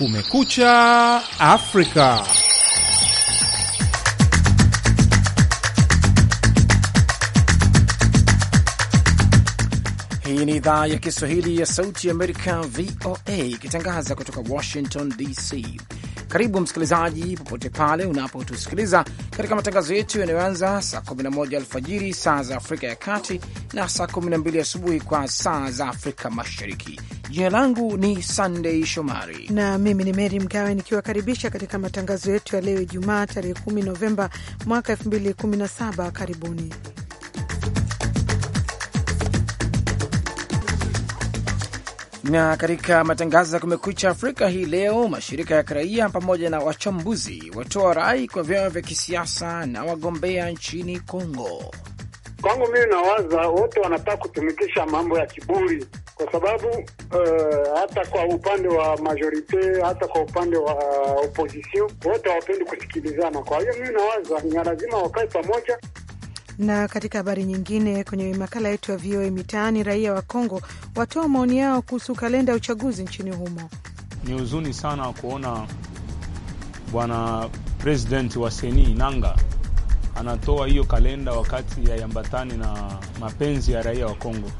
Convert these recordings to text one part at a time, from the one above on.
Kumekucha Afrika. Hii ni idhaa ya Kiswahili ya Sauti ya Amerika, VOA, ikitangaza kutoka Washington DC. Karibu msikilizaji, popote pale unapotusikiliza katika matangazo yetu yanayoanza saa 11 alfajiri saa za Afrika ya Kati na saa 12 asubuhi kwa saa za Afrika Mashariki. Jina langu ni sandey Shomari na mimi ni Meri Mgawe nikiwakaribisha katika matangazo yetu ya leo Ijumaa tarehe 10 Novemba mwaka 2017. Karibuni Na katika matangazo ya Kumekucha Afrika hii leo, mashirika ya kiraia pamoja na wachambuzi watoa rai kwa vyama vya kisiasa na wagombea nchini Kongo. Kwangu mimi nawaza wote wanataka kutumikisha mambo ya kiburi, kwa sababu uh, hata kwa upande wa majorite, hata kwa upande wa opposition, wote hawapendi kusikilizana. Kwa hiyo mimi nawaza ni lazima wakae pamoja. Na katika habari nyingine, kwenye makala yetu ya VOA Mitaani, raia wa Kongo watoa maoni yao kuhusu kalenda ya uchaguzi nchini humo. Ni huzuni sana kuona bwana presidenti wa seni Nanga anatoa hiyo kalenda wakati yayambatani na mapenzi ya raia wa Kongo.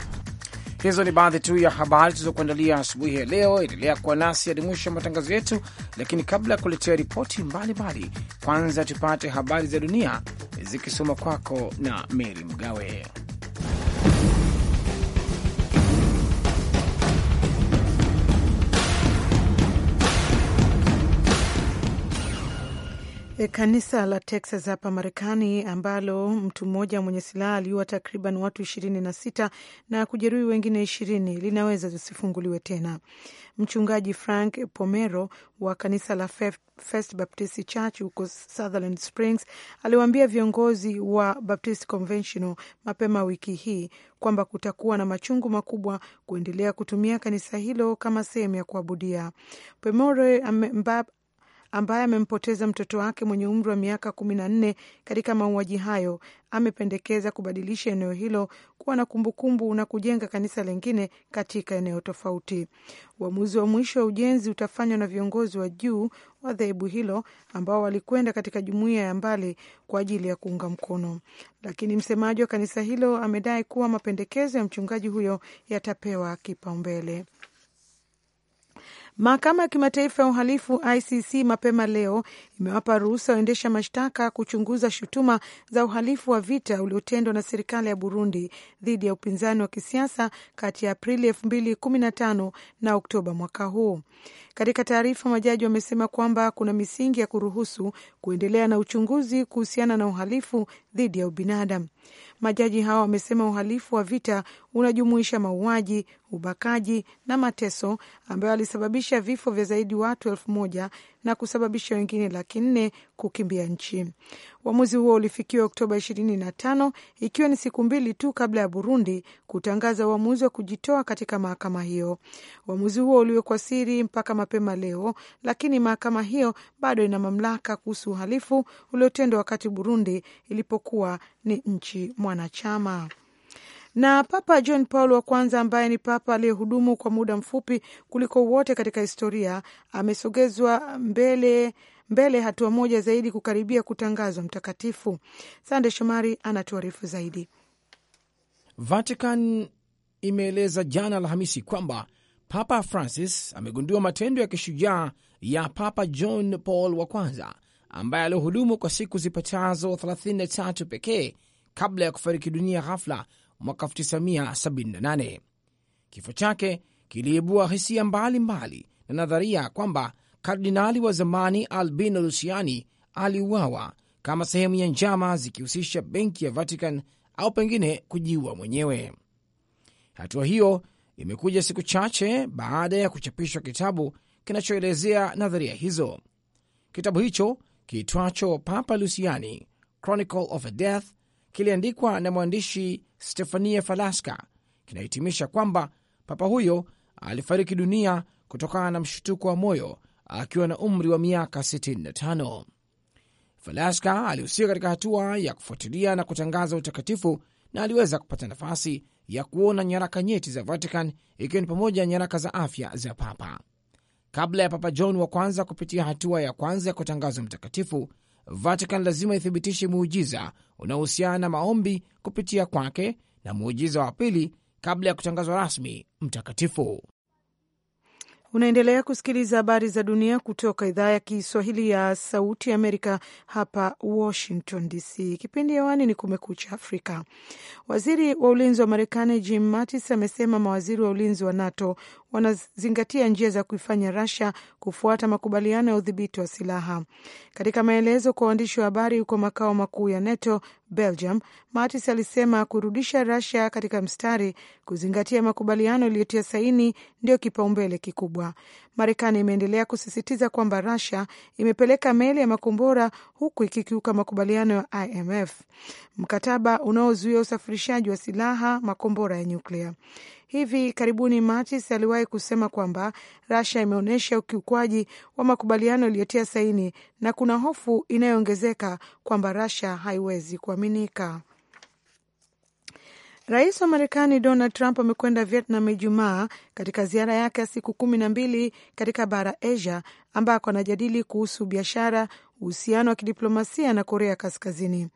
Hizo ni baadhi tu ya habari tulizokuandalia asubuhi ya leo. Endelea kuwa nasi hadi mwisho ya matangazo yetu, lakini kabla ya kuletea ripoti mbalimbali, kwanza tupate habari za dunia zikisoma kwako na Meri Mgawe. E, kanisa la Texas hapa Marekani ambalo mtu mmoja mwenye silaha aliua takriban watu ishirini na sita na kujeruhi wengine ishirini linaweza lisifunguliwe tena. Mchungaji Frank Pomero wa kanisa la First Baptist Church huko Sutherland Springs aliwaambia viongozi wa Baptist Conventional mapema wiki hii kwamba kutakuwa na machungu makubwa kuendelea kutumia kanisa hilo kama sehemu ya kuabudia. Pomero ambaye amempoteza mtoto wake mwenye umri wa miaka kumi na nne katika mauaji hayo, amependekeza kubadilisha eneo hilo kuwa na kumbukumbu na kujenga kanisa lingine katika eneo tofauti. Uamuzi wa mwisho wa ujenzi utafanywa na viongozi wa juu wa dhehebu hilo ambao walikwenda katika jumuiya ya mbali kwa ajili ya kuunga mkono, lakini msemaji wa kanisa hilo amedai kuwa mapendekezo ya mchungaji huyo yatapewa kipaumbele. Mahakama ya Kimataifa ya Uhalifu ICC mapema leo imewapa ruhusa waendesha mashtaka kuchunguza shutuma za uhalifu wa vita uliotendwa na serikali ya Burundi dhidi ya upinzani wa kisiasa kati ya Aprili 2015 na Oktoba mwaka huu. Katika taarifa, majaji wamesema kwamba kuna misingi ya kuruhusu kuendelea na uchunguzi kuhusiana na uhalifu dhidi ya ubinadamu. Majaji hawa wamesema uhalifu wa vita unajumuisha mauaji, ubakaji na mateso ambayo alisababisha vifo vya zaidi watu elfu moja na kusababisha wengine laki nne kukimbia nchi. Uamuzi huo ulifikiwa Oktoba 25 ikiwa ni siku mbili tu kabla ya Burundi kutangaza uamuzi wa kujitoa katika mahakama hiyo. Uamuzi huo uliwekwa siri mpaka mapema leo, lakini mahakama hiyo bado ina mamlaka kuhusu uhalifu uliotendwa wakati Burundi ilipokuwa ni nchi mwanachama. Na Papa John Paul wa kwanza ambaye ni papa aliyehudumu kwa muda mfupi kuliko wote katika historia amesogezwa mbele mbele hatua moja zaidi kukaribia kutangazwa mtakatifu. Sande Shomari anatuarifu zaidi. Vatican imeeleza jana Alhamisi kwamba Papa Francis amegundua matendo ya kishujaa ya Papa John Paul wa kwanza ambaye alihudumu kwa siku zipatazo 33 pekee kabla ya kufariki dunia ghafla mwaka 1978. Kifo chake kiliibua hisia mbalimbali na nadharia kwamba kardinali wa zamani Albino Luciani aliuawa kama sehemu ya njama zikihusisha benki ya Vatican au pengine kujiua mwenyewe. Hatua hiyo imekuja siku chache baada ya kuchapishwa kitabu kinachoelezea nadharia hizo. Kitabu hicho kiitwacho Papa Luciani Chronicle of a Death kiliandikwa na mwandishi Stefania Falaska kinahitimisha kwamba papa huyo alifariki dunia kutokana na mshtuko wa moyo akiwa na umri wa miaka 65. Falaska alihusika katika hatua ya kufuatilia na kutangaza utakatifu na aliweza kupata nafasi ya kuona nyaraka nyeti za Vatican ikiwa ni pamoja na nyaraka za afya za papa. Kabla ya Papa John wa kwanza kupitia hatua ya kwanza ya kutangazwa mtakatifu, Vatican lazima ithibitishe muujiza unaohusiana na maombi kupitia kwake na muujiza wa pili kabla ya kutangazwa rasmi mtakatifu. Unaendelea kusikiliza habari za dunia kutoka idhaa ya Kiswahili ya Sauti ya Amerika hapa Washington DC. Kipindi hewani ni Kumekucha Afrika. Waziri wa ulinzi wa Marekani Jim Mattis amesema mawaziri wa ulinzi wa NATO wanazingatia njia za kuifanya rasia kufuata makubaliano ya udhibiti wa silaha. Katika maelezo kwa waandishi wa habari huko makao makuu ya NATO Belgium, Mattis alisema kurudisha rasia katika mstari, kuzingatia makubaliano iliyotia saini ndio kipaumbele kikubwa. Marekani imeendelea kusisitiza kwamba Russia imepeleka meli ya makombora huku ikikiuka makubaliano ya IMF, mkataba unaozuia usafirishaji wa silaha, makombora ya nyuklia. Hivi karibuni Mattis aliwahi kusema kwamba Russia imeonyesha ukiukwaji wa makubaliano yaliyotia saini na kuna hofu inayoongezeka kwamba Russia haiwezi kuaminika. Rais wa Marekani Donald Trump amekwenda Vietnam Ijumaa katika ziara yake ya siku kumi na mbili katika bara Asia, ambako anajadili kuhusu biashara, uhusiano wa kidiplomasia na Korea Kaskazini.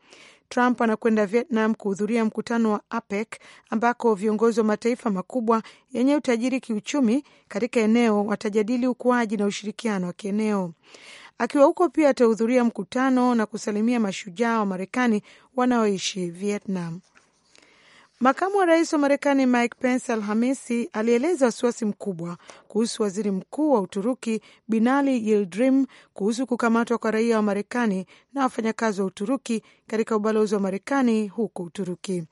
Trump anakwenda Vietnam kuhudhuria mkutano wa APEC ambako viongozi wa mataifa makubwa yenye utajiri kiuchumi katika eneo watajadili ukuaji na ushirikiano wa kieneo. Akiwa huko pia atahudhuria mkutano na kusalimia mashujaa wa Marekani wanaoishi Vietnam. Makamu wa rais wa Marekani Mike Pence Alhamisi alieleza wasiwasi mkubwa kuhusu waziri mkuu wa Uturuki Binali Yildirim kuhusu kukamatwa kwa raia wa Marekani na wafanyakazi wa Uturuki katika ubalozi wa Marekani huko Uturuki.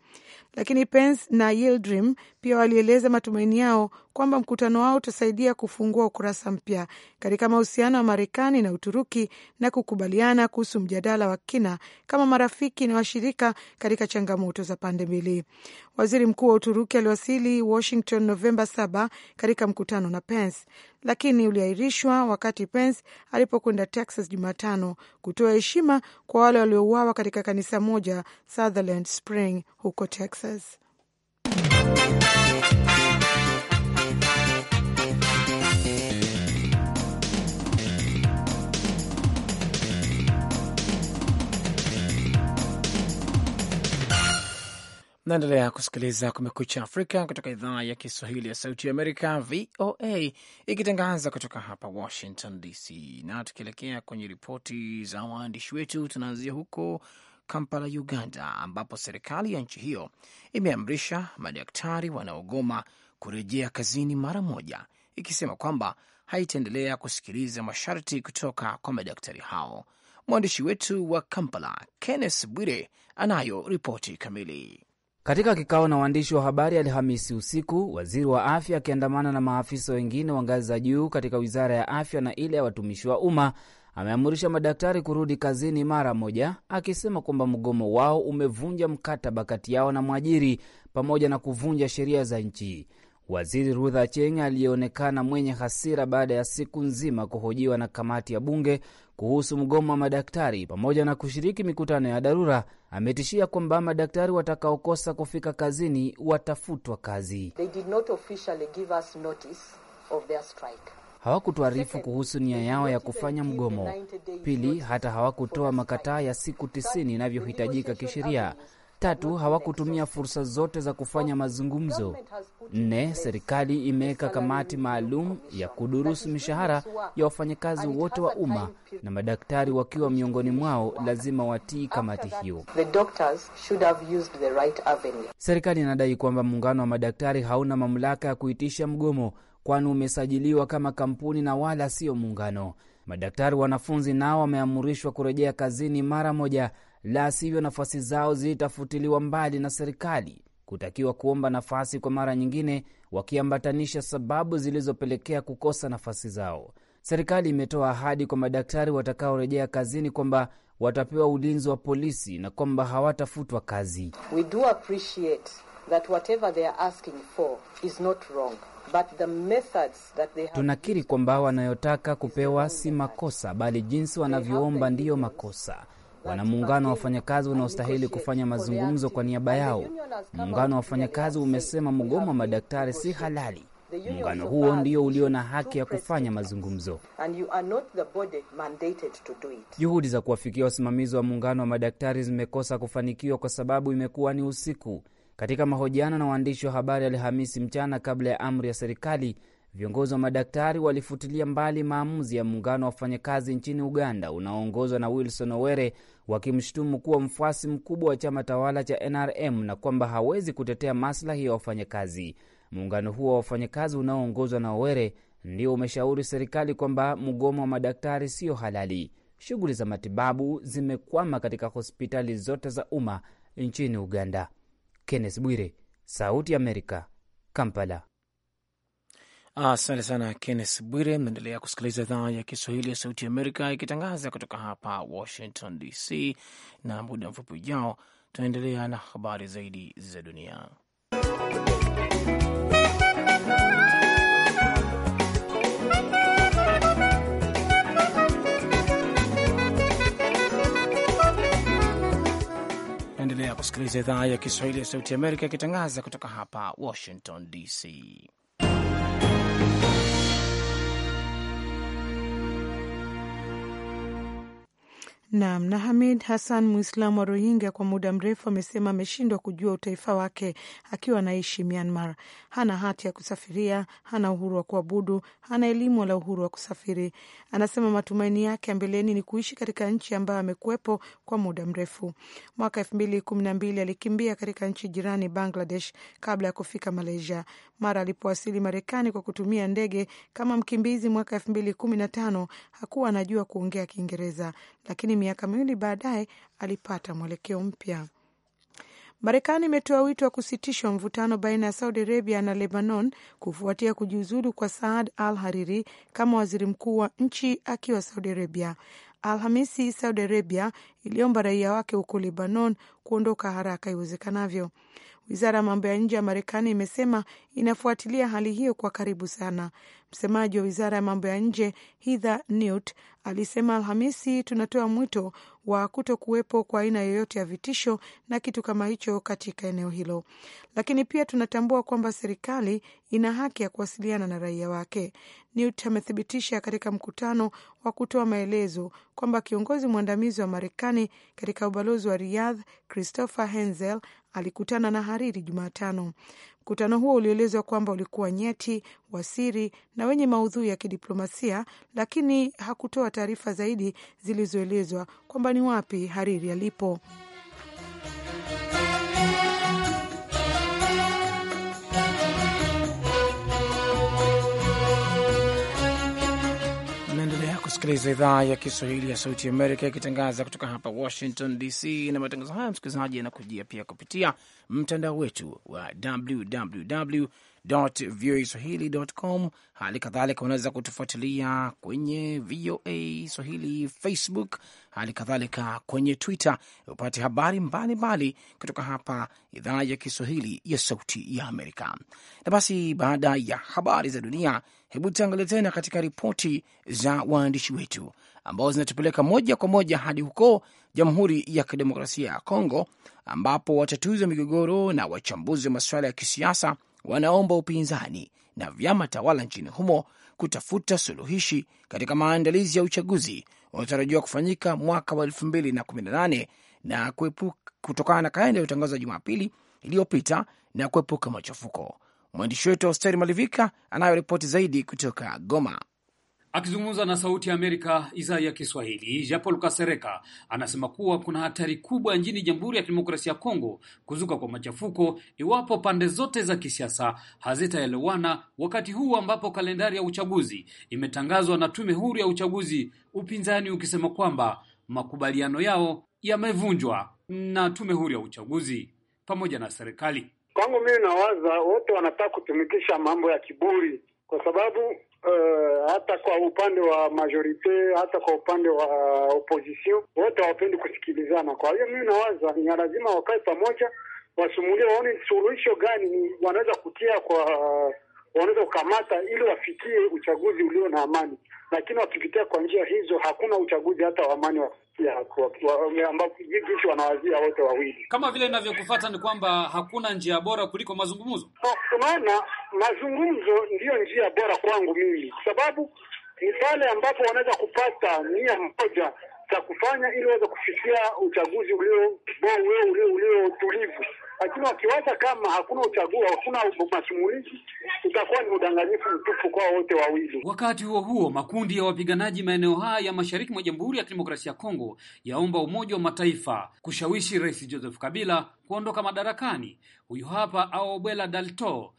Lakini Pence na Yildirim pia walieleza matumaini yao kwamba mkutano wao utasaidia kufungua ukurasa mpya katika mahusiano ya Marekani na Uturuki na kukubaliana kuhusu mjadala wa kina kama marafiki na washirika katika changamoto za pande mbili. Waziri mkuu wa Uturuki aliwasili Washington Novemba 7 katika mkutano na Pence, lakini uliahirishwa wakati Pence alipokwenda Texas Jumatano kutoa heshima kwa wale waliouawa katika kanisa moja Sutherland Spring huko Texas. Naendelea kusikiliza Kumekucha Afrika kutoka idhaa ya Kiswahili ya Sauti ya Amerika, VOA, ikitangaza kutoka hapa Washington DC. Na tukielekea kwenye ripoti za waandishi wetu, tunaanzia huko Kampala, Uganda, ambapo serikali ya nchi hiyo imeamrisha madaktari wanaogoma kurejea kazini mara moja, ikisema kwamba haitaendelea kusikiliza masharti kutoka kwa madaktari hao. Mwandishi wetu wa Kampala, Kenneth Bwire, anayo ripoti kamili. Katika kikao na waandishi wa habari Alhamisi usiku, waziri wa afya akiandamana na maafisa wengine wa ngazi za juu katika wizara ya afya na ile ya watumishi wa umma ameamurisha madaktari kurudi kazini mara moja, akisema kwamba mgomo wao umevunja mkataba kati yao na mwajiri pamoja na kuvunja sheria za nchi. Waziri Ruth Acheng aliyeonekana mwenye hasira baada ya siku nzima kuhojiwa na kamati ya bunge kuhusu mgomo wa madaktari pamoja na kushiriki mikutano ya dharura ametishia kwamba madaktari watakaokosa kufika kazini watafutwa kazi. Hawakutuarifu kuhusu nia yao ya kufanya mgomo. Pili, hata hawakutoa makataa ya siku tisini inavyohitajika kisheria. Tatu, hawakutumia fursa zote za kufanya mazungumzo. Nne, serikali imeweka kamati maalum ya kudurusu mishahara ya wafanyakazi wote wa umma na madaktari wakiwa miongoni mwao, lazima watii kamati hiyo. serikali inadai kwamba muungano wa madaktari hauna mamlaka ya kuitisha mgomo, kwani umesajiliwa kama kampuni na wala sio muungano. Madaktari wanafunzi nao wameamurishwa kurejea kazini mara moja la sivyo nafasi zao zilitafutiliwa mbali na serikali kutakiwa kuomba nafasi kwa mara nyingine, wakiambatanisha sababu zilizopelekea kukosa nafasi zao. Serikali imetoa ahadi kwa madaktari watakaorejea kazini kwamba watapewa ulinzi wa polisi na kwamba hawatafutwa kazi. We do appreciate that whatever they are asking for is not wrong. But the methods that they have... tunakiri kwamba wanayotaka kupewa si makosa, bali jinsi wanavyoomba ndiyo makosa. Wana muungano wa wafanyakazi unaostahili kufanya mazungumzo kwa niaba yao. Muungano wa wafanyakazi umesema mgomo wa madaktari si halali. Muungano huo ndio ulio na haki ya kufanya mazungumzo. Juhudi za kuwafikia wasimamizi wa muungano wa madaktari zimekosa kufanikiwa kwa sababu imekuwa ni usiku. Katika mahojiano na waandishi wa habari Alhamisi mchana kabla ya amri ya serikali Viongozi wa madaktari walifutilia mbali maamuzi ya muungano wa wafanyakazi nchini Uganda unaoongozwa na Wilson Owere, wakimshutumu kuwa mfuasi mkubwa wa chama tawala cha NRM na kwamba hawezi kutetea maslahi ya wafanyakazi. Muungano huo wa wafanyakazi unaoongozwa na Owere ndio umeshauri serikali kwamba mgomo wa madaktari siyo halali. Shughuli za matibabu zimekwama katika hospitali zote za umma nchini Uganda. Kenneth Bwire, Sauti ya Amerika, Kampala. Asante sana Kennes Bwire. Mnaendelea kusikiliza idhaa ya Kiswahili ya Sauti Amerika ikitangaza kutoka hapa Washington DC, na muda mfupi ujao tunaendelea na habari zaidi za dunia. Naendelea kusikiliza idhaa ya Kiswahili ya Sauti Amerika ikitangaza kutoka hapa Washington DC. Naam. Na Hamid Hassan, Muislamu wa Rohingya kwa muda mrefu, amesema ameshindwa kujua utaifa wake akiwa anaishi Myanmar. Hana hati ya kusafiria, hana uhuru wa kuabudu, hana elimu wala uhuru wa kusafiri. Anasema matumaini yake ya mbeleni ni kuishi katika nchi ambayo amekuwepo kwa muda mrefu. Mwaka elfu mbili kumi na mbili alikimbia katika nchi jirani Bangladesh kabla ya kufika Malaysia. Mara alipowasili Marekani kwa kutumia ndege kama mkimbizi mwaka elfu mbili kumi na tano hakuwa anajua kuongea Kiingereza, lakini miaka miwili baadaye alipata mwelekeo mpya. Marekani imetoa wito wa kusitishwa mvutano baina ya Saudi Arabia na Lebanon kufuatia kujiuzulu kwa Saad Al Hariri kama waziri mkuu wa nchi akiwa Saudi Arabia. Alhamisi, Saudi Arabia iliomba raia wake huko Lebanon kuondoka haraka iwezekanavyo. Wizara ya mambo ya nje ya Marekani imesema inafuatilia hali hiyo kwa karibu sana. Msemaji wa wizara ya mambo ya nje Heather Nauert alisema Alhamisi, tunatoa mwito wa kuto kuwepo kwa aina yoyote ya vitisho na kitu kama hicho katika eneo hilo, lakini pia tunatambua kwamba serikali ina haki ya kuwasiliana na raia wake. Newt amethibitisha katika mkutano wa kutoa maelezo kwamba kiongozi mwandamizi wa Marekani katika ubalozi wa Riyadh, Christopher Henzel, alikutana na hariri Jumatano. Mkutano huo ulielezwa kwamba ulikuwa nyeti, wa siri na wenye maudhui ya kidiplomasia, lakini hakutoa taarifa zaidi zilizoelezwa kwamba ni wapi Hariri alipo. unasikiliza idhaa ya Kiswahili ya Sauti Amerika ikitangaza kutoka hapa Washington DC, na matangazo haya msikilizaji yanakujia pia kupitia mtandao wetu wa www voaswahili.com. Hali kadhalika unaweza kutufuatilia kwenye VOA Swahili Facebook, hali kadhalika kwenye Twitter upate habari mbalimbali kutoka hapa idhaa ya Kiswahili ya Sauti ya Amerika. Na basi baada ya habari za dunia, hebu tuangalie tena katika ripoti za waandishi wetu ambao zinatupeleka moja kwa moja hadi huko Jamhuri ya Kidemokrasia ya Kongo, ambapo watatuzi wa migogoro na wachambuzi wa masuala ya kisiasa wanaomba upinzani na vyama tawala nchini humo kutafuta suluhishi katika maandalizi ya uchaguzi unaotarajiwa kufanyika mwaka wa 2018 na na kutokana na kaenda ya utangazo Jumapili iliyopita na kuepuka machafuko. Mwandishi wetu Austeri Malivika anayo ripoti zaidi kutoka Goma. Akizungumza na Sauti ya Amerika idhaa ya Kiswahili, Jean Paul Kasereka anasema kuwa kuna hatari kubwa nchini Jamhuri ya Kidemokrasia ya Kongo kuzuka kwa machafuko iwapo pande zote za kisiasa hazitaelewana wakati huu ambapo kalendari ya uchaguzi imetangazwa na Tume Huru ya Uchaguzi, upinzani ukisema kwamba makubaliano yao yamevunjwa na Tume Huru ya Uchaguzi pamoja na serikali. Kwangu mimi, nawaza wote wanataka kutumikisha mambo ya kiburi kwa sababu Uh, hata kwa upande wa majorite hata kwa upande wa opposition wote hawapendi kusikilizana. Kwa hiyo mimi nawaza ni lazima wakae pamoja, wasumulie waone suluhisho gani wanaweza kutia kwa uh, wanaweza kukamata ili wafikie uchaguzi ulio na amani, lakini wakipitia kwa njia hizo hakuna uchaguzi hata wa amani jinsi wanawazia wote wawili. Kama vile inavyokufata ni kwamba hakuna njia bora kuliko mazungumzo. Unaona, mazungumzo ndiyo njia bora kwangu mimi, kwa sababu ni pale ambapo wanaweza kupata nia moja za kufanya ili waweze kufikia uchaguzi ulio ulio ulio tulivu lakini wakiwaza kama hakuna uchaguzi, hakuna masimulizi, utakuwa ni udanganyifu mtupu kwa wote wawili. Wakati huo huo, makundi ya wapiganaji maeneo haya ya mashariki mwa Jamhuri ya Kidemokrasia ya Kongo yaomba Umoja wa Mataifa kushawishi Rais Joseph Kabila kuondoka madarakani. Huyu hapa Aobwela Dalto,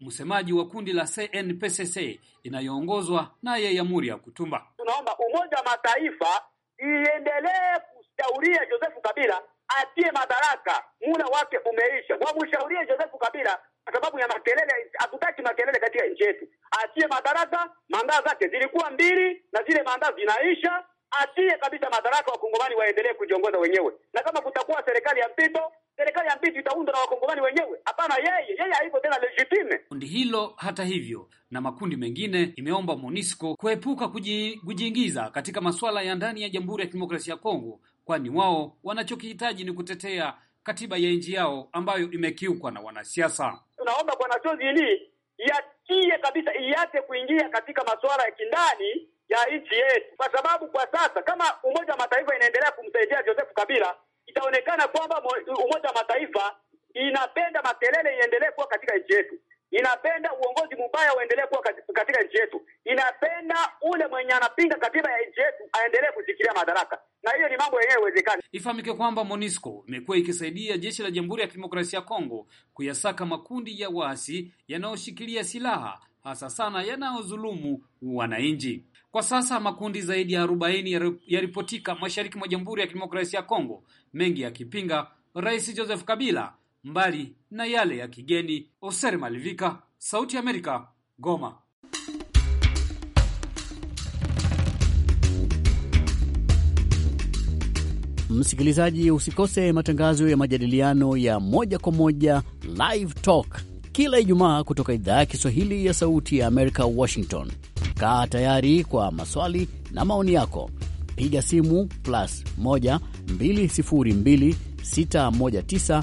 msemaji wa kundi la CNPCC inayoongozwa naye Yamuri ya Kutumba. Tunaomba Umoja wa Mataifa iendelee kushauria Joseph Kabila atie madaraka, muda wake umeisha. Wamshaurie Joseph Kabila kwa sababu ya makelele, hatutaki makelele katika nchi yetu. Atie madaraka, mandaa zake zilikuwa mbili na zile mandaa zinaisha. Atie kabisa madaraka, wakongomani waendelee kujiongoza wenyewe, na kama kutakuwa serikali ya mpito serikali ya mpito itaundwa na wakongomani wenyewe, hapana yeye. Yeye haiko tena legitime. Kundi hilo hata hivyo na makundi mengine imeomba MONUSCO kuepuka kujiingiza katika masuala ya ndani ya Jamhuri ya Kidemokrasia ya Kongo, kwani wao wanachokihitaji ni kutetea katiba ya nchi yao ambayo imekiukwa na wanasiasa. Tunaomba Bwana Chozi ili iachie kabisa, iache kuingia katika masuala ya kindani ya nchi yetu, kwa sababu kwa sasa kama Umoja wa Mataifa inaendelea kumsaidia Joseph Kabila, itaonekana kwamba Umoja wa Mataifa inapenda makelele iendelee kuwa katika nchi yetu inapenda uongozi mbaya uendelee kuwa katika nchi yetu, inapenda ule mwenye anapinga katiba ya nchi yetu aendelee kushikilia madaraka, na hiyo ni mambo yenyewe iwezekani Ifahamike kwamba MONUSCO imekuwa ikisaidia jeshi la Jamhuri ya Kidemokrasia ya Kongo kuyasaka makundi ya waasi yanayoshikilia silaha hasa sana yanayodhulumu wananchi. Kwa sasa makundi zaidi ya arobaini yaripotika mashariki mwa Jamhuri ya Kidemokrasia ya Kongo, mengi yakipinga Rais Joseph Kabila mbali na yale ya kigeni. Oser Malivika, Sauti ya Amerika, Goma. Msikilizaji, usikose matangazo ya majadiliano ya moja kwa moja Live Talk kila Ijumaa kutoka idhaa ya Kiswahili ya Sauti ya Amerika, Washington. Kaa tayari kwa maswali na maoni yako, piga simu plus 1 202 619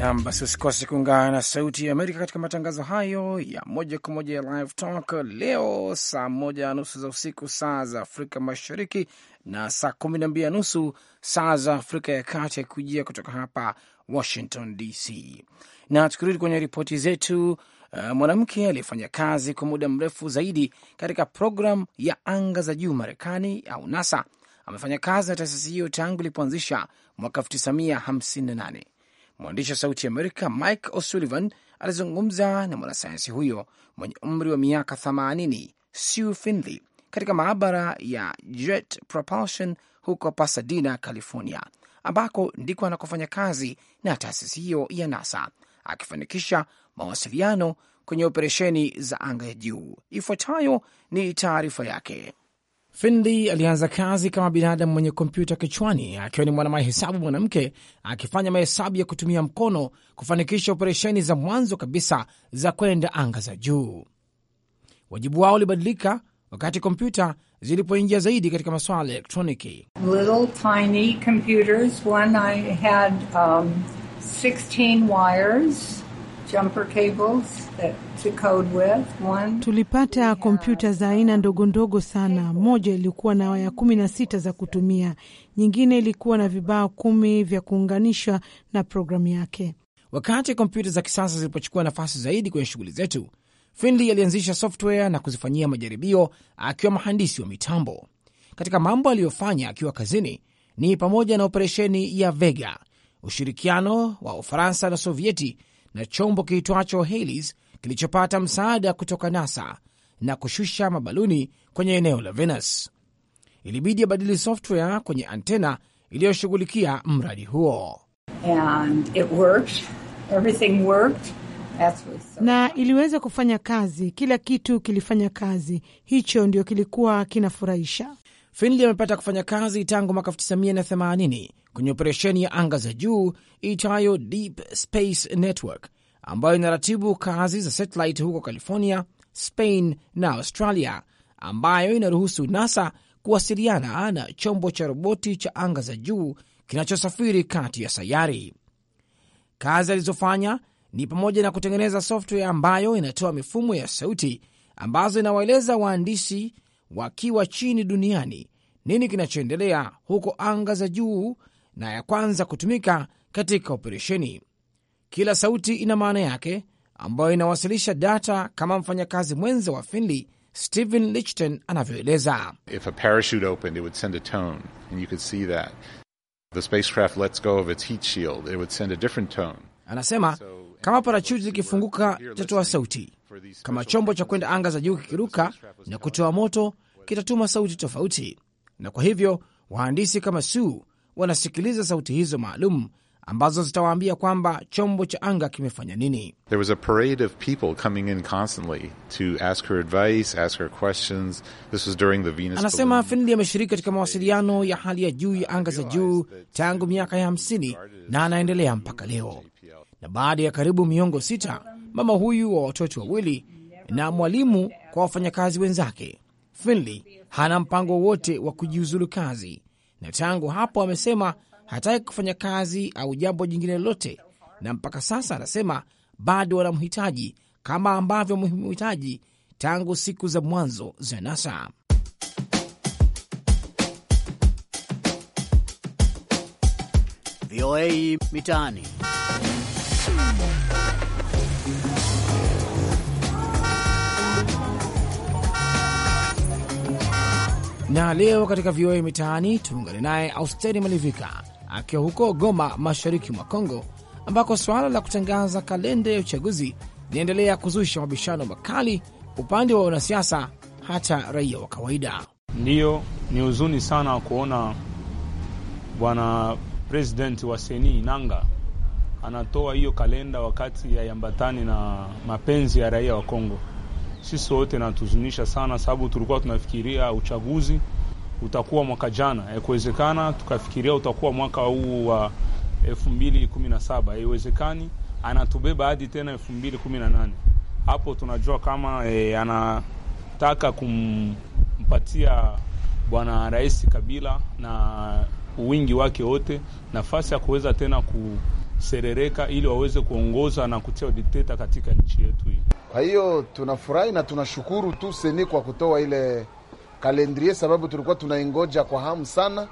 Nam, basi usikose kuungana na Sauti ya Amerika katika matangazo hayo ya moja kwa moja ya Live Talk leo saa moja na nusu za usiku saa za Afrika Mashariki na saa kumi na mbili na nusu saa za Afrika ya Kati, yakikujia kutoka hapa Washington DC. Na tukirudi kwenye ripoti zetu, uh, mwanamke aliyefanya kazi kwa muda mrefu zaidi katika programu ya anga za juu Marekani au NASA amefanya kazi na taasisi hiyo tangu ilipoanzisha mwaka 1958 Mwandishi wa Sauti ya Amerika Mike O'Sullivan alizungumza na mwanasayansi huyo mwenye umri wa miaka 80 Sue Finley katika maabara ya Jet Propulsion huko Pasadena, California, ambako ndiko anakofanya kazi na taasisi hiyo ya NASA akifanikisha mawasiliano kwenye operesheni za anga ya juu. Ifuatayo ni taarifa yake. Findi alianza kazi kama binadamu mwenye kompyuta kichwani, akiwa ni mwanamahesabu mwanamke, akifanya mahesabu ya kutumia mkono kufanikisha operesheni za mwanzo kabisa za kwenda anga za juu. Wajibu wao ulibadilika wakati kompyuta zilipoingia zaidi katika masuala ya elektroniki. Um, jumper cables that tulipata kompyuta za aina ndogo ndogo sana. Moja ilikuwa na waya kumi na sita za kutumia, nyingine ilikuwa na vibao kumi vya kuunganishwa na programu yake. Wakati kompyuta za kisasa zilipochukua nafasi zaidi kwenye shughuli zetu, Findley alianzisha software na kuzifanyia majaribio akiwa mhandisi wa mitambo. Katika mambo aliyofanya akiwa kazini ni pamoja na operesheni ya Vega, ushirikiano wa Ufaransa na Sovieti na chombo kiitwacho Helios kilichopata msaada kutoka NASA na kushusha mabaluni kwenye eneo la Venus. Ilibidi abadili software kwenye antena iliyoshughulikia mradi huo na iliweza kufanya kazi, kila kitu kilifanya kazi. Hicho ndio kilikuwa kinafurahisha. Finley amepata kufanya kazi tangu mwaka 1980 kwenye operesheni ya anga za juu iitayo Deep Space Network ambayo inaratibu kazi za satellite huko California, Spain na Australia, ambayo inaruhusu NASA kuwasiliana na chombo cha roboti cha anga za juu kinachosafiri kati ya sayari. Kazi alizofanya ni pamoja na kutengeneza software ambayo inatoa mifumo ya sauti ambazo inawaeleza waandishi wakiwa chini duniani nini kinachoendelea huko anga za juu na ya kwanza kutumika katika operesheni. Kila sauti ina maana yake ambayo inawasilisha data, kama mfanyakazi mwenza wa Finley Stephen Lichten anavyoeleza. Anasema kama parachuti zikifunguka itatoa sauti. Kama chombo cha kwenda anga za juu kikiruka na kutoa moto, kitatuma sauti tofauti. Na kwa hivyo wahandisi kama Sue wanasikiliza sauti hizo maalum ambazo zitawaambia kwamba chombo cha anga kimefanya nini. Anasema Finley ameshiriki katika mawasiliano ya hali ya juu ya anga za juu tangu miaka ya 50 na anaendelea mpaka leo. Na baada ya karibu miongo sita, mama huyu wa watoto wawili na mwalimu kwa wafanyakazi wenzake, Finley hana mpango wowote wa kujiuzulu kazi na tangu hapo amesema hataki kufanya kazi au jambo jingine lolote, na mpaka sasa anasema bado wanamhitaji kama ambavyo wamemhitaji tangu siku za mwanzo za NASA. VOA Mitaani. Na leo katika VOA Mitaani tuungane naye Austeri Malivika akiwa huko Goma, mashariki mwa Kongo, ambako suala la kutangaza kalenda ya uchaguzi linaendelea kuzusha mabishano makali upande wa wanasiasa, hata raia wa kawaida. Ndiyo, ni huzuni sana kuona bwana presidenti wa seni Nanga anatoa hiyo kalenda wakati yaiambatani na mapenzi ya raia wa Kongo sisi wote natuzunisha sana, sababu tulikuwa tunafikiria uchaguzi utakuwa mwaka jana, haikuwezekana. Tukafikiria utakuwa mwaka huu wa elfu mbili kumi na saba, haiwezekani. Anatubeba hadi tena elfu mbili kumi na nane. Hapo tunajua kama e, anataka kumpatia bwana Rais Kabila na wingi wake wote nafasi ya kuweza tena ku serereka ili waweze kuongoza na kutia udikteta katika nchi yetu hii. Kwa hiyo tunafurahi na tunashukuru tu seni kwa kutoa ile kalendrie, sababu tulikuwa tunaingoja kwa hamu sana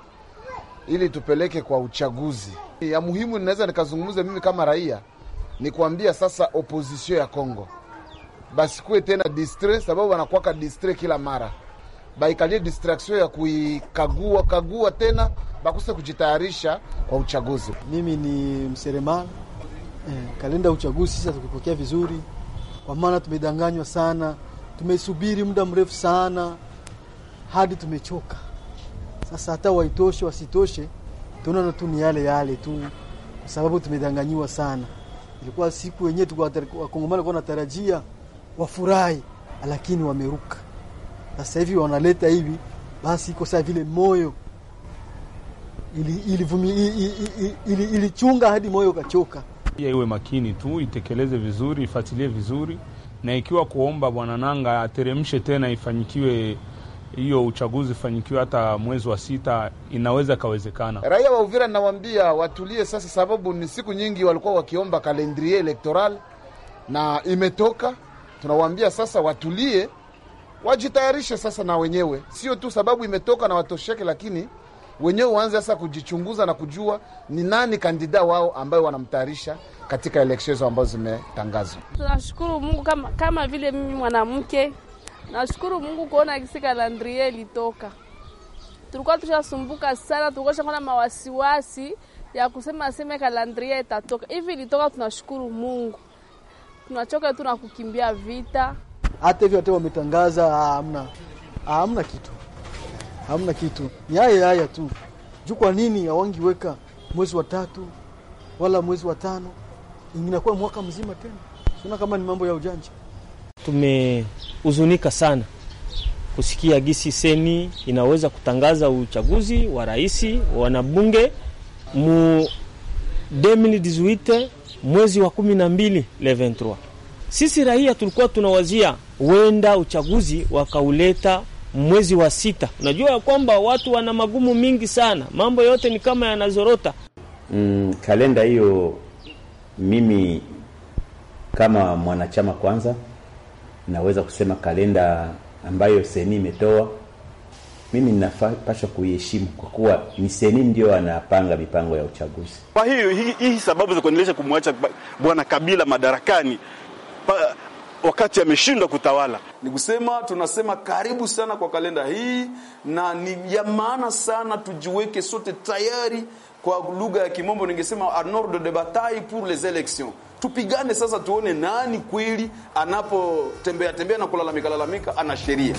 ili tupeleke kwa uchaguzi. Ya muhimu ninaweza nikazungumza mimi kama raia ni kuambia sasa opposition ya Kongo basikuwe tena distre, sababu wanakuwaka distre kila mara baikalie distraction ya kuikagua kagua tena bakose kujitayarisha kwa uchaguzi. Mimi ni mseremala eh, kalenda uchaguzi sasa tukipokea vizuri, kwa maana tumedanganywa sana, tumesubiri muda mrefu sana hadi tumechoka. Sasa hata waitoshe wasitoshe, tunaona tu ni yale yale tu, kwa sababu tumedanganyiwa sana. Ilikuwa siku yenyewe tukwa wakongomani kwa natarajia wafurahi, lakini wameruka sasa hivi wanaleta hivi, basi iko saa vile moyo ilichunga ili, ili, ili, hadi moyo ukachoka. Pia iwe makini tu, itekeleze vizuri, ifuatilie vizuri, na ikiwa kuomba bwana nanga ateremshe tena, ifanyikiwe hiyo uchaguzi ufanyikiwe hata mwezi wa sita, inaweza ikawezekana. Raia wa Uvira nawambia watulie sasa, sababu ni siku nyingi walikuwa wakiomba kalendrie elektoral na imetoka. Tunawaambia sasa watulie, wajitayarishe sasa na wenyewe, sio tu sababu imetoka na watosheke, lakini wenyewe waanze sasa kujichunguza na kujua ni nani kandida wao ambayo wanamtayarisha katika eleksheni ambazo zimetangazwa. Tunashukuru Mungu kama, kama vile mimi mwanamke nashukuru Mungu kuona gisi kalandrie litoka. Tulikuwa tushasumbuka sana, tulikuwa tushakona mawasiwasi ya kusema seme kalandrie itatoka hivi, ilitoka. Tunashukuru Mungu, tunachoka tu na kukimbia vita hata hivyo hata wametangaza, hamna hamna kitu, hamna kitu, ni haya haya tu juu. Kwa nini hawangiweka mwezi wa tatu wala mwezi wa tano? Inakuwa mwaka mzima tena, siona kama ni mambo ya ujanja. Tumehuzunika sana kusikia gisi seni inaweza kutangaza uchaguzi wa rais wanabunge mu 2018 mwezi wa 12 le 23 sisi raia tulikuwa tunawazia wenda uchaguzi wakauleta mwezi wa sita. Unajua ya kwamba watu wana magumu mingi sana, mambo yote ni kama yanazorota. Mm, kalenda hiyo mimi kama mwanachama kwanza naweza kusema kalenda ambayo seni imetoa mimi ninapashwa kuiheshimu kwa kuwa ni seni ndio anapanga mipango ya uchaguzi. Kwa hiyo hii hi, sababu za kuendelesha kumwacha bwana Kabila madarakani wakati ameshindwa kutawala. Ni kusema tunasema karibu sana kwa kalenda hii, na ni ya maana sana tujiweke sote tayari. Kwa lugha ya Kimombo ningesema an ordre de bataille pour les elections. Tupigane sasa, tuone nani kweli anapotembea tembea na kulalamika lalamika ana sheria.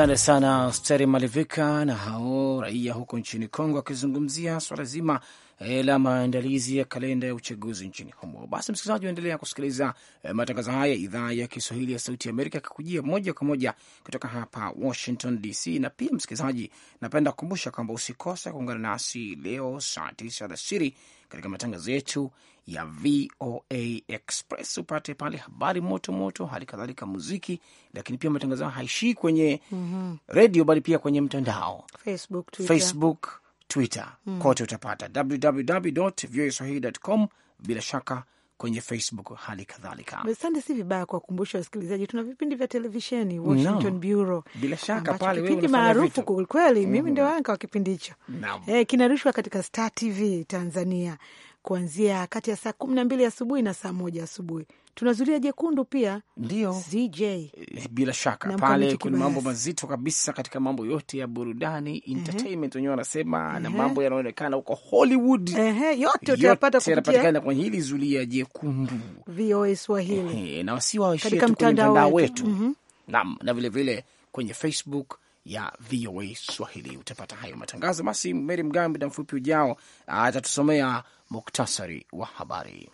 Asante sana Steri Malivika na hao raia huko nchini Kongo, akizungumzia swala zima Eh, la maandalizi ya kalenda ya uchaguzi nchini humo. Basi msikilizaji, unaendelea kusikiliza eh, matangazo haya ya idhaa ya Kiswahili ya Sauti ya Amerika yakikujia moja kwa moja kutoka hapa Washington DC. Na pia msikilizaji, napenda kukumbusha kwamba usikose kuungana nasi leo saa tisa alasiri katika matangazo yetu ya VOA Express upate pale habari moto moto, hali kadhalika muziki, lakini pia matangazo haishii kwenye mm -hmm. redio, bali pia kwenye mtandao Facebook, Twitter, Facebook Twitter mm. kote utapata www bila shaka kwenye Facebook hali kadhalika. Sande, si vibaya kuwakumbusha wasikilizaji, tuna vipindi vya televisheni Washington no. Bureau, bila shaka pale kipindi maarufu kwelikweli, mimi mm -hmm. ndio wanka wa kipindi hicho no. E, eh, kinarushwa katika Star TV Tanzania kuanzia kati ya saa kumi na mbili asubuhi na saa moja asubuhi tuna zulia jekundu pia ndio ZJ. Eh, bila shaka na pale kuna mambo mazito kabisa katika mambo yote ya burudani mhm. entertainment, wenyewe wanasema na mambo yanaonekana huko Hollywood, yote utayapata kupitia kwenye hili zulia jekundu VOA Swahili, na wasiwaishie tu mtandao wetu mhm. nam na vilevile vile kwenye Facebook ya VOA Swahili utapata hayo matangazo. Basi Meri Mgambi muda mfupi ujao atatusomea muktasari wa habari.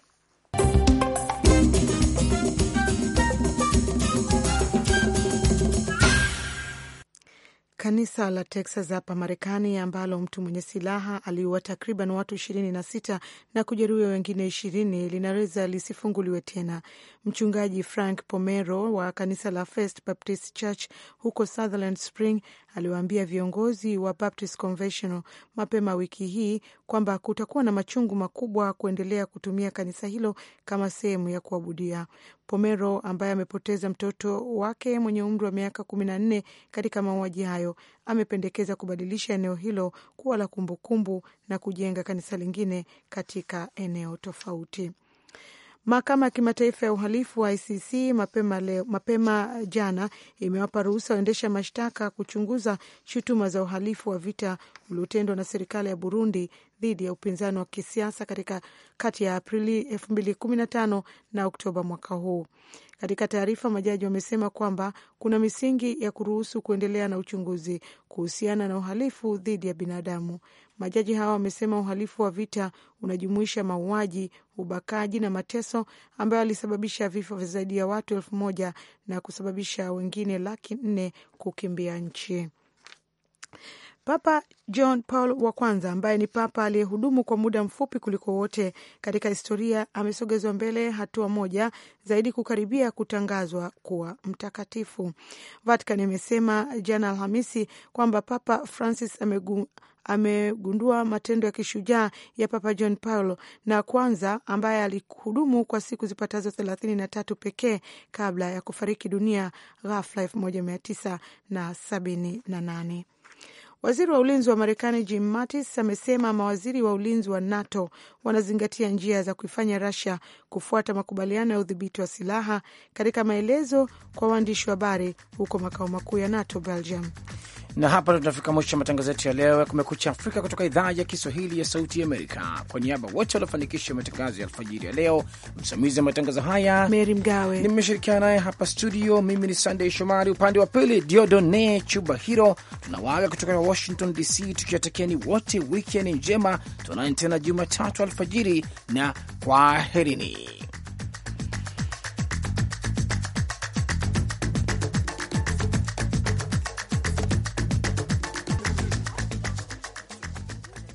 Kanisa la Texas hapa Marekani ambalo mtu mwenye silaha aliua takriban watu ishirini na sita na kujeruhi wengine ishirini linaweza lisifunguliwe tena. Mchungaji Frank Pomero wa kanisa la First Baptist Church huko Sutherland Spring aliwaambia viongozi wa Baptist Convention mapema wiki hii kwamba kutakuwa na machungu makubwa kuendelea kutumia kanisa hilo kama sehemu ya kuabudia. Pomero ambaye amepoteza mtoto wake mwenye umri wa miaka kumi na nne katika mauaji hayo amependekeza kubadilisha eneo hilo kuwa la kumbukumbu na kujenga kanisa lingine katika eneo tofauti. Mahakama ya Kimataifa ya Uhalifu wa ICC mapema, leo, mapema jana imewapa ruhusa waendesha mashtaka kuchunguza shutuma za uhalifu wa vita uliotendwa na serikali ya Burundi dhidi ya upinzani wa kisiasa katika kati ya Aprili 2015 na Oktoba mwaka huu. Katika taarifa, majaji wamesema kwamba kuna misingi ya kuruhusu kuendelea na uchunguzi kuhusiana na uhalifu dhidi ya binadamu. Majaji hawa wamesema uhalifu wa vita unajumuisha mauaji, ubakaji na mateso ambayo alisababisha vifo vya zaidi ya watu elfu moja na kusababisha wengine laki nne kukimbia nchi. Papa John Paul wa kwanza ambaye ni papa aliyehudumu kwa muda mfupi kuliko wote katika historia amesogezwa mbele hatua moja zaidi kukaribia kutangazwa kuwa mtakatifu. Vatican imesema jana Alhamisi kwamba Papa Francis amegu amegundua matendo ya kishujaa ya Papa John paul na kwanza ambaye alihudumu kwa siku zipatazo thelathini na tatu pekee kabla ya kufariki dunia ghafla elfu moja mia tisa na sabini na nane. Waziri wa ulinzi wa Marekani Jim Mattis amesema mawaziri wa ulinzi wa NATO wanazingatia njia za kuifanya Russia kufuata makubaliano ya udhibiti wa silaha, katika maelezo kwa waandishi wa habari huko makao makuu ya NATO Belgium. Na hapa ndo tunafika mwisho wa matangazo yetu ya leo ya Kumekucha Afrika kutoka idhaa ya Kiswahili ya Sauti Amerika. Kwa niaba wote waliofanikisha matangazo ya alfajiri ya leo, msimamizi wa matangazo haya Meri Mgawe, nimeshirikiana naye hapa studio. Mimi ni Sandey Shomari, upande wa pili Diodone Chuba Hiro. Tunawaaga kutoka Washington DC, tukiwatakieni wote wikendi njema. Tuonane tena Jumatatu alfajiri, na kwaherini. Bye.